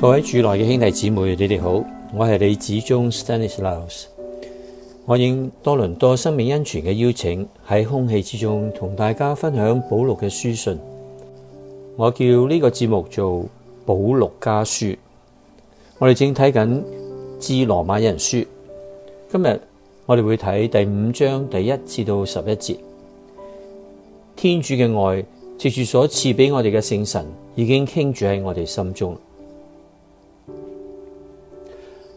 各位主內嘅兄弟姊妹，你哋好，我係李子忠 Stanislaus。我應多倫多生命恩泉嘅邀請，喺空氣之中同大家分享保祿嘅書信。我叫呢個節目做《保祿家書》。我哋正睇緊《致羅馬人書》，今日我哋會睇第五章第一至到十一節。天主嘅愛藉住所賜俾我哋嘅聖神，已經傾注喺我哋心中。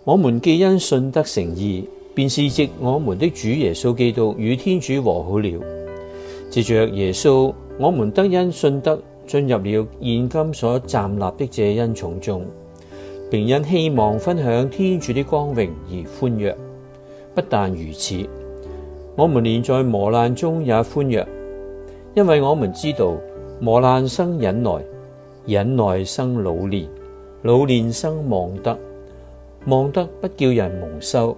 我們既因信德成義，便是藉我們的主耶穌基督，與天主和好了。藉着耶穌，我們得因信德進入了現今所站立的這恩寵中，並因希望分享天主的光榮而歡躍。不但如此，我們連在磨難中也歡躍，因為我們知道，磨難生忍耐，忍耐生老練，老練生望德。望得不叫人蒙羞，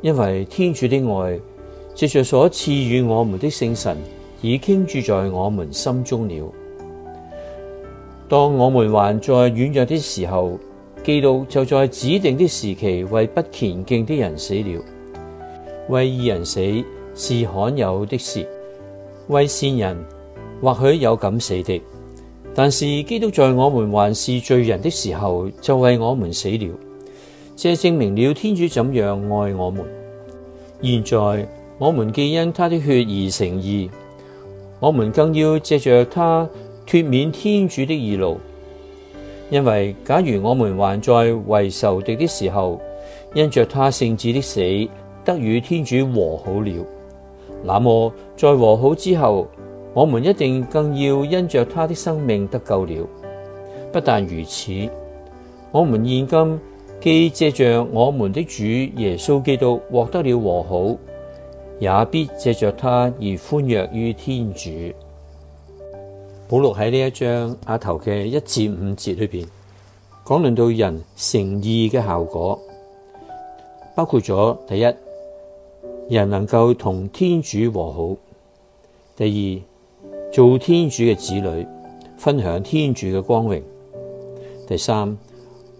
因為天主的愛，藉著所賜予我們的聖神，已傾注在我們心中了。當我們還在軟弱的時候，基督就在指定的時期為不虔敬的人死了。為義人死，是罕有的事，為善人或許有敢死的但是，基督在我們還是罪人的時候，就為我們死了。這證明了天主怎樣愛我們。現在，我們既因他的血而成義，我們更要借着他脱免天主的義怒。因為假如我們還在為仇敵的時候，因着他聖子的死得與天主和好了，那麼在和好之後，我們一定更要因着他的生命得救了。不但如此，我們現今。既借着我們的主耶穌基督獲得了和好，也必借着他而歡躍於天主。保祿喺呢一章阿頭嘅一至五節裏邊講論到人成義嘅效果，包括咗第一，人能夠同天主和好；第二，做天主嘅子女，分享天主嘅光榮；第三，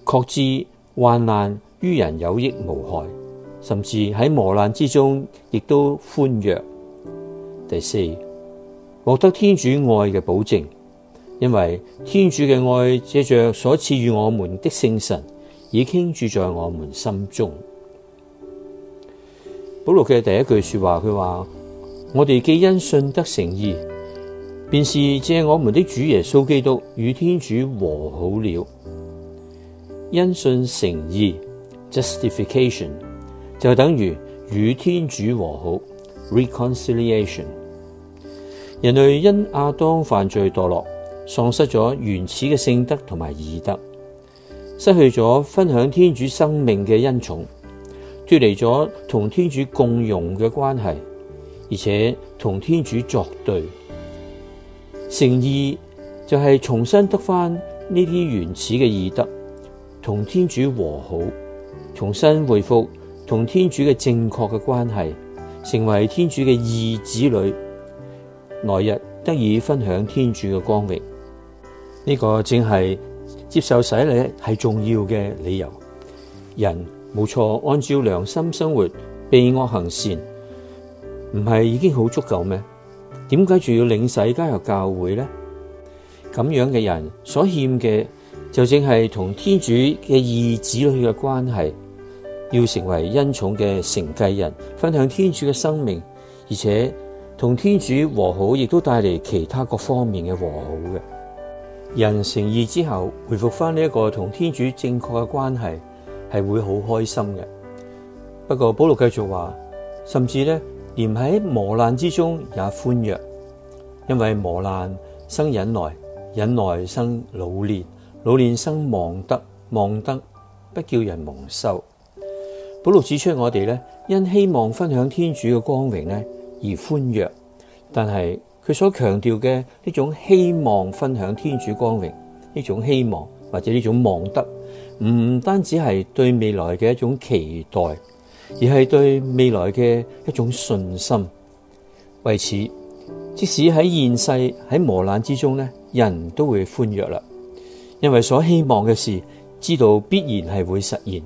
確知。患難於人有益無害，甚至喺磨難之中亦都歡躍。第四，獲得天主愛嘅保證，因為天主嘅愛借着所賜予我們的聖神，已經住在我們心中。保祿嘅第一句說話，佢話：我哋既因信德成義，便是借我們的主耶穌基督與天主和好了。因信成義，justification 就等於與天主和好，reconciliation。人類因亞當犯罪墮落，喪失咗原始嘅聖德同埋義德，失去咗分享天主生命嘅恩寵，脫離咗同天主共融嘅關係，而且同天主作對。成義就係重新得翻呢啲原始嘅義德。同天主和好，重新回復同天主嘅正確嘅關係，成為天主嘅義子女，來日得以分享天主嘅光榮。呢、這個正係接受洗禮係重要嘅理由。人冇錯，按照良心生活，避惡行善，唔係已經好足夠咩？點解仲要領洗加入教會咧？咁樣嘅人所欠嘅，就正係同天主嘅義子女嘅關係，要成為恩寵嘅承繼人，分享天主嘅生命，而且同天主和好，亦都帶嚟其他各方面嘅和好嘅。人成義之後，回復翻呢一個同天主正確嘅關係，係會好開心嘅。不過保祿繼續話，甚至咧，連喺磨難之中也歡躍，因為磨難生忍耐，忍耐生老練。老練生望德，望德不叫人蒙羞。保祿指出我們，我哋咧因希望分享天主嘅光榮咧而歡躍，但係佢所強調嘅呢種希望分享天主光榮，呢種希望或者呢種望德，唔單止係對未來嘅一種期待，而係對未來嘅一種信心。為此，即使喺現世喺磨難之中咧，人都會歡躍啦。因為所希望嘅事知道必然係會實現，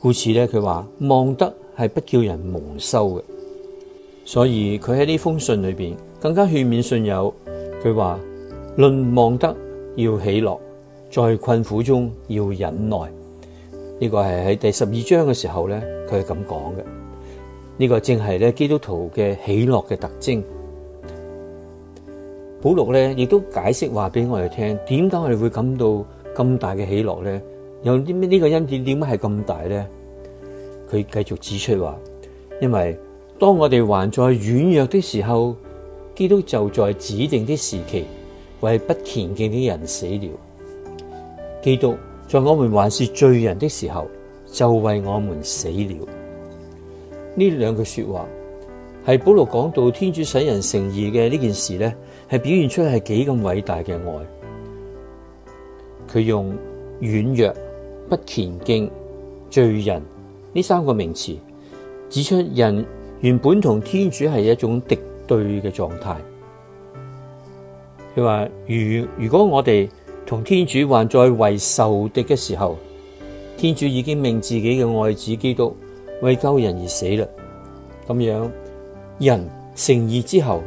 故此咧佢話望德係不叫人蒙羞嘅，所以佢喺呢封信裏面，更加勸勉信友，佢話論望德要喜樂，在困苦中要忍耐，呢、這個係喺第十二章嘅時候咧，佢係咁講嘅，呢、這個正係咧基督徒嘅喜樂嘅特徵。保祿咧亦都解釋話俾我哋聽，點解我哋會感到咁大嘅喜樂咧？有啲咩呢個因子點解係咁大咧？佢繼續指出話，因為當我哋還在軟弱的時候，基督就在指定的時期為不虔敬的人死了。基督在我們還是罪人的時候，就為我們死了。呢兩句話是說話係保祿講到天主使人成義嘅呢件事咧。係表現出嚟係幾咁偉大嘅愛，佢用軟弱、不虔敬、罪人呢三個名詞，指出人原本同天主係一種敵對嘅狀態。佢話如如果我哋同天主還在為仇敵嘅時候，天主已經命自己嘅愛子基督為救人而死啦，咁樣人成義之後。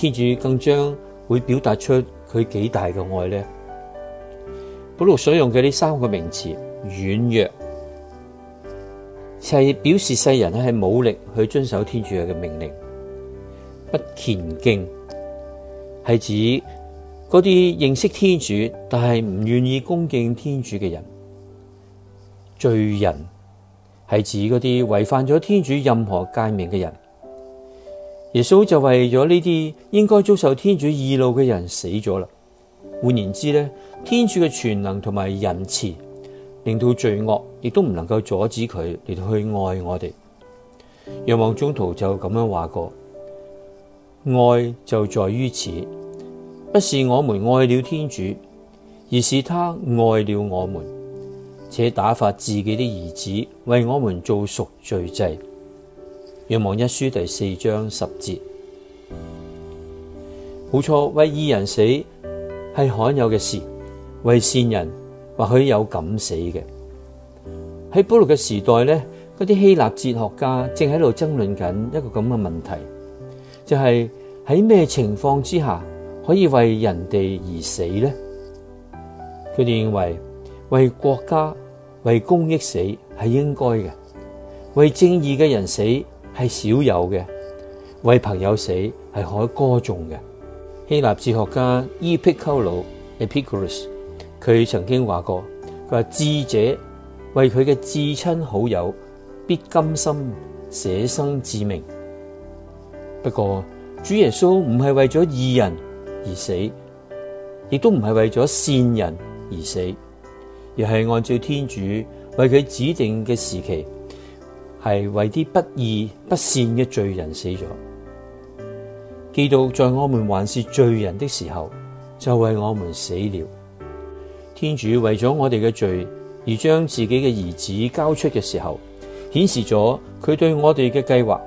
天主更將會表達出佢幾大嘅愛呢。保祿所用嘅呢三個名詞：軟弱，係、就係、表示世人係冇力去遵守天主嘅命令；不虔敬，係指嗰啲認識天主但係唔願意恭敬天主嘅人；罪人，係指嗰啲違反咗天主任何誡命嘅人。耶穌就為咗呢啲應該遭受天主義怒嘅人死咗啦。換言之咧，天主嘅全能同埋仁慈，令到罪惡亦都唔能夠阻止佢嚟去愛我哋。若望宗徒就咁樣話過：愛就在於此，不是我們愛了天主，而是他愛了我們，且打發自己的兒子為我們做贖罪祭。《若望一書》第四章十節，冇錯，為義人死係罕有嘅事。為善人或許有敢死嘅。喺保祿嘅時代咧，嗰啲希臘哲學家正喺度爭論緊一個咁嘅問題，就係喺咩情況之下可以為人哋而死咧？佢哋認為為國家為公益死係應該嘅，為正義嘅人死，係少有嘅，為朋友死係可歌頌嘅。希臘哲學家伊庇鳩魯 e p i c u r u s 佢曾經話過，佢話，智者為佢嘅至親好友必甘心捨生致命。不過主耶穌唔係為咗義人而死，亦都唔係為咗善人而死，而係按照天主為佢指定嘅時期。係為啲不義不善嘅罪人死咗。基督，在我們還是罪人的時候，就為我們死了。天主為咗我哋嘅罪而將自己嘅兒子交出嘅時候，顯示咗佢對我哋嘅計劃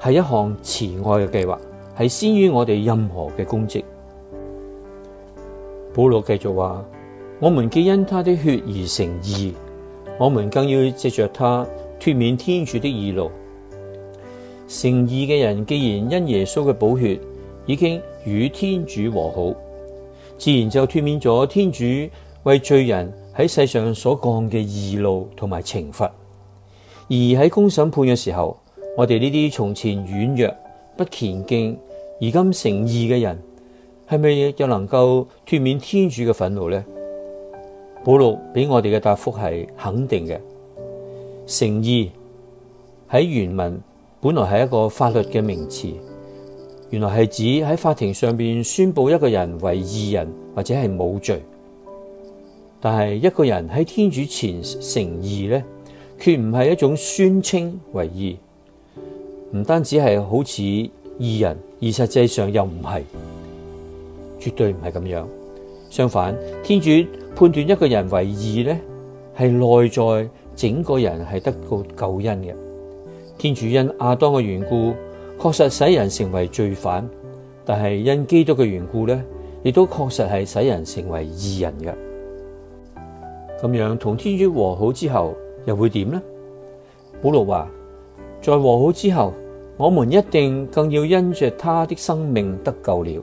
係一項慈愛嘅計劃，係先於我哋任何嘅功績。保祿繼續話：「我們既因他的血而成義，我們更要借着他，脫免天主的義怒，成義嘅人既然因耶穌嘅寶血已經與天主和好，自然就脫免咗天主為罪人喺世上所降嘅義怒同埋懲罰。而喺公審判嘅時候，我哋呢啲從前軟弱、不虔敬，而今成義嘅人，係咪又能夠脫免天主嘅憤怒呢？保祿俾我哋嘅答覆係肯定嘅。成義喺原文本來係一個法律嘅名詞，原來係指喺法庭上邊宣布一個人為義人或者係冇罪。但係一個人喺天主前成義咧，卻唔係一種宣稱為義，唔單止係好似義人，而實際上又唔係，絕對唔係咁樣。相反，天主判斷一個人為義咧，係內在。整個人係得到救恩嘅。天主因亞當嘅緣故，確實使人成為罪犯；但係因基督嘅緣故咧，亦都確實係使人成為義人嘅。咁樣同天主和好之後，又會點呢？保祿話：在和好之後，我們一定更要因着他的生命得救了。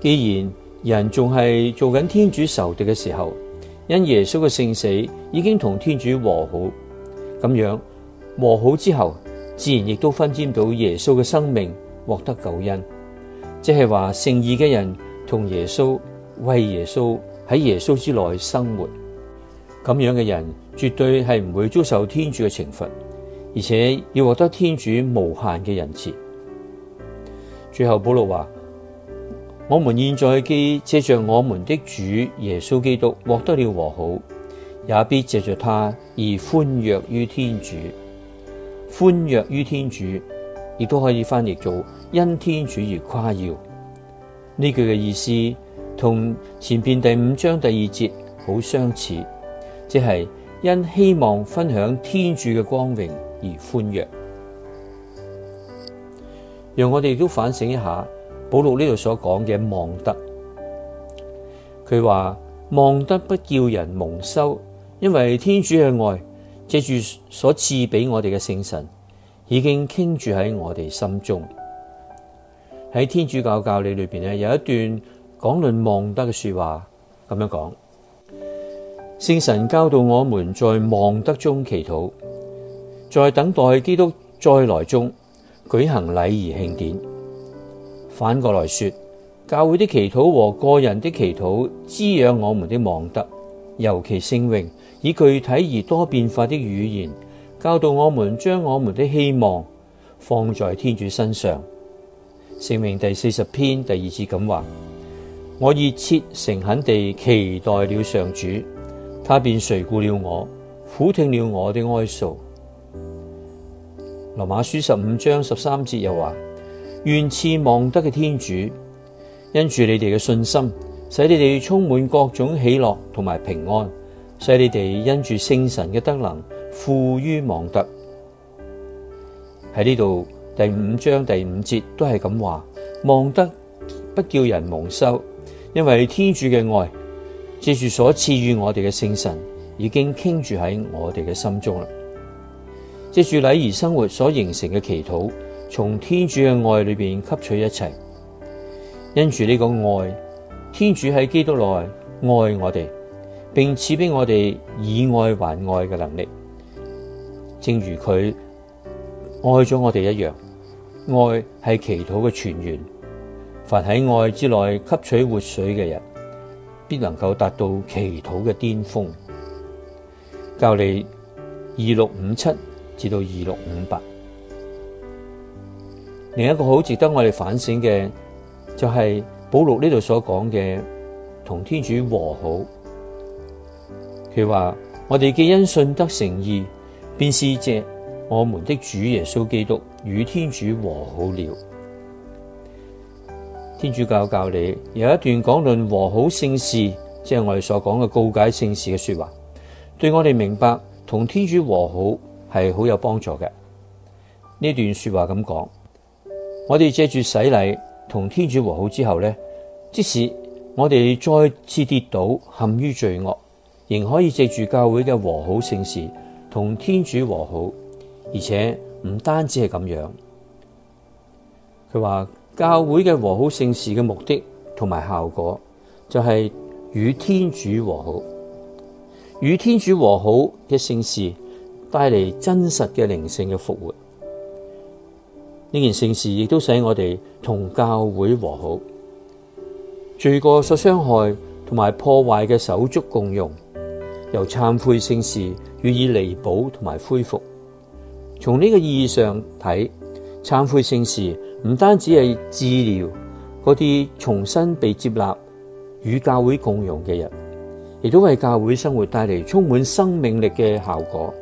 既然人仲係做緊天主仇敵嘅時候，因耶穌嘅聖死已經同天主和好，咁樣和好之後，自然亦都分沾到耶穌嘅生命，獲得救恩。即係話，聖義嘅人同耶穌為耶穌喺耶穌之內生活，咁樣嘅人絕對係唔會遭受天主嘅懲罰，而且要獲得天主無限嘅仁慈。最後，保祿話。我們現在既借着我們的主耶穌基督獲得了和好，也必借着祂而歡躍於天主。歡躍於天主，亦都可以翻譯做因天主而誇耀。呢句嘅意思同前邊第五章第二節好相似，即係因希望分享天主嘅光榮而歡躍。讓我哋都反省一下。保祿呢度所講嘅望德，佢話望德不叫人蒙羞，因為天主嘅愛借住所賜俾我哋嘅聖神，已經傾注喺我哋心中。喺天主教教理裏邊咧，有一段講論望德嘅說話，咁樣講。聖神教導我們在望德中祈禱，在等待基督再來中舉行禮儀慶典。反過來說，教會的祈禱和個人的祈禱滋養我們的望德，尤其聖詠以具體而多變化的語言，教導我們將我們的希望放在天主身上。聖詠第四十篇第二節咁話：我熱切誠懇地期待了上主，他便垂顧了我，撫聽了我的哀訴。羅馬書十五章十三節又話。願賜望德嘅天主，因住你哋嘅信心，使你哋充滿各種喜樂同埋平安，使你哋因住聖神嘅德能富於望德。喺呢度第五章第五節都係咁話，望德不叫人蒙羞，因為天主嘅愛借住所賜予我哋嘅聖神，已經傾注喺我哋嘅心中啦。借住禮儀生活所形成嘅祈禱。從天主嘅愛裏邊吸取一切，因住呢個愛，天主喺基督內愛我哋，並賜俾我哋以愛還愛嘅能力，正如佢愛咗我哋一樣。愛係祈禱嘅泉源，凡喺愛之內吸取活水嘅人，必能夠達到祈禱嘅巔峰。教理二六五七至到二六五八。另一個好值得我哋反省嘅，就係、是、保祿呢度所講嘅，同天主和好。佢話：我哋既因信德成義，便是藉我們的主耶穌基督與天主和好了。天主教教理有一段講論和好聖事，即係我哋所講嘅告解聖事嘅說話，對我哋明白同天主和好係好有幫助嘅。呢段說話咁講。.我哋借住洗禮同天主和好之後咧，即使我哋再次跌倒陷於罪惡，仍可以借住教會嘅和好聖事同天主和好，而且唔單止係咁樣。佢話，教會嘅和好聖事嘅目的同埋效果，就係與天主和好，與天主和好嘅聖事帶嚟真實嘅靈性嘅復活。呢件聖事亦都使我哋同教會和好，罪過所傷害同埋破壞嘅手足共融，由懺悔聖事予以彌補同埋恢復。從呢個意義上睇，懺悔聖事唔單止係治療嗰啲重新被接納與教會共融嘅人，亦都為教會生活帶嚟充滿生命力嘅效果。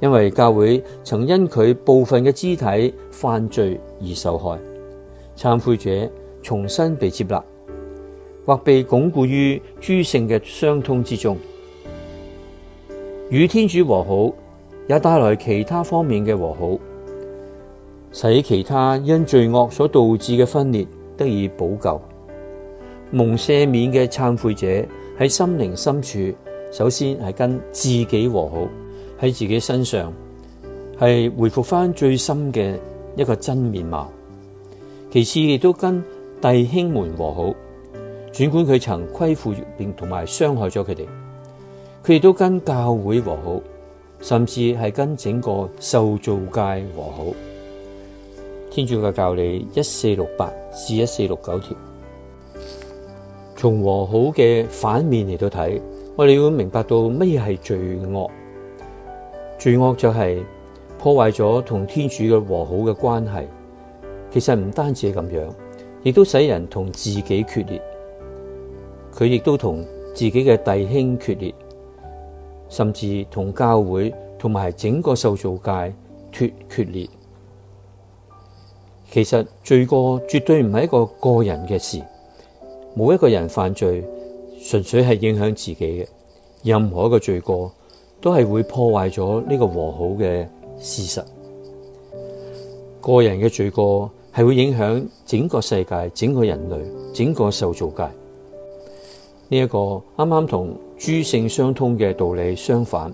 因為教會曾因佢部分嘅肢體犯罪而受害，懺悔者重新被接納，或被鞏固於諸聖嘅相通之中，與天主和好，也帶來其他方面嘅和好，使其他因罪惡所導致嘅分裂得以補救。蒙赦免嘅懺悔者喺心靈深處，首先係跟自己和好。喺自己身上，係回復翻最深嘅一個真面貌。其次亦都跟弟兄們和好，儘管佢曾虧負並同埋傷害咗佢哋，佢亦都跟教會和好，甚至係跟整個受造界和好。天主教教理一四六八至一四六九條，從和好嘅反面嚟到睇，我哋要明白到乜嘢係罪惡。罪惡就係破壞咗同天主嘅和好嘅關係，其實唔單止係咁樣，亦都使人同自己決裂，佢亦都同自己嘅弟兄決裂，甚至同教會同埋整個受造界脱決裂。其實罪過絕對唔係一個個人嘅事，冇一個人犯罪，純粹係影響自己嘅，任何一個罪過。都係會破壞咗呢個和好嘅事實。個人嘅罪過係會影響整個世界、整個人類、整個受造界。呢一個啱啱同諸聖相通嘅道理相反，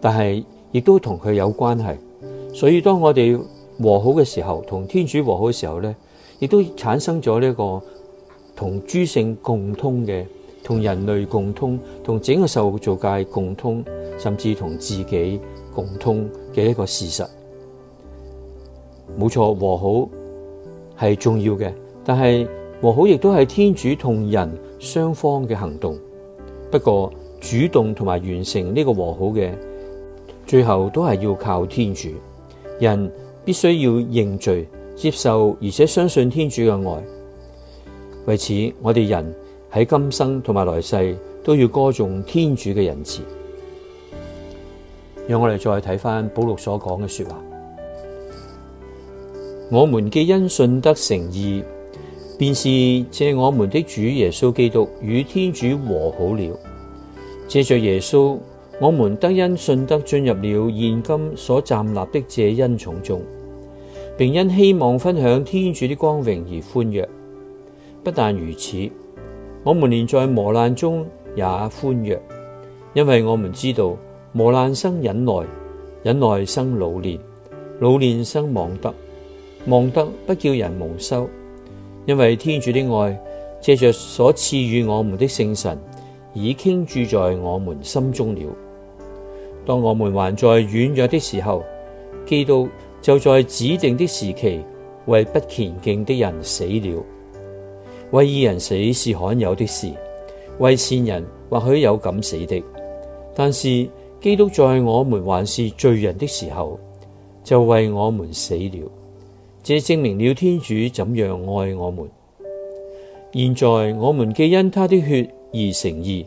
但係亦都同佢有關係。所以當我哋和好嘅時候，同天主和好嘅時候咧，亦都產生咗呢一個同諸聖共通嘅、同人類共通、同整個受造界共通。甚至同自己共通嘅一個事實，冇錯，和好係重要嘅，但係和好亦都係天主同人雙方嘅行動。不過主動同埋完成呢個和好嘅，最後都係要靠天主。人必須要認罪、接受，而且相信天主嘅愛。為此，我哋人喺今生同埋來世都要歌頌天主嘅仁慈。讓我哋再睇返保祿所講嘅說的話。我們既因信德成義，便是借我們的主耶穌基督，與天主和好了。借着耶穌，我們得因信德進入了現今所站立的這恩寵中，並因希望分享天主的光榮而歡躍。不但如此，我們連在磨難中也歡躍，因為我們知道。磨難生忍耐，忍耐生老練，老練生望德，望德不叫人蒙羞。因為天主的愛借着所賜予我們的聖神，已傾注在我們心中了。當我們還在軟弱的時候，基督就在指定的時期為不虔敬的人死了。為義人死是罕有的事，為善人或許有敢死的，但是。基督在我們還是罪人的時候，就為我們死了。這證明了天主怎樣愛我們。現在我們既因他的血而成義，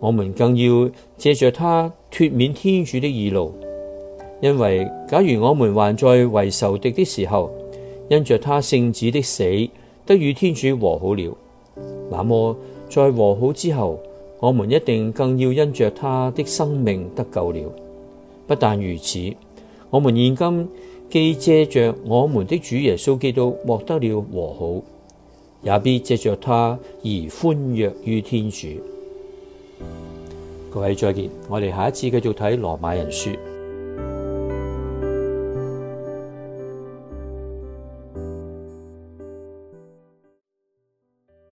我們更要借着他脱免天主的義怒。因為假如我們還在為仇敵的時候，因着他聖子的死得與天主和好了，那麼在和好之後，我們一定更要因着他的生命得救了。不但如此，我們現今既借着我們的主耶穌基督獲得了和好，也必借着他而歡躍於天主。各位再見，我哋下一次繼續睇羅馬人書。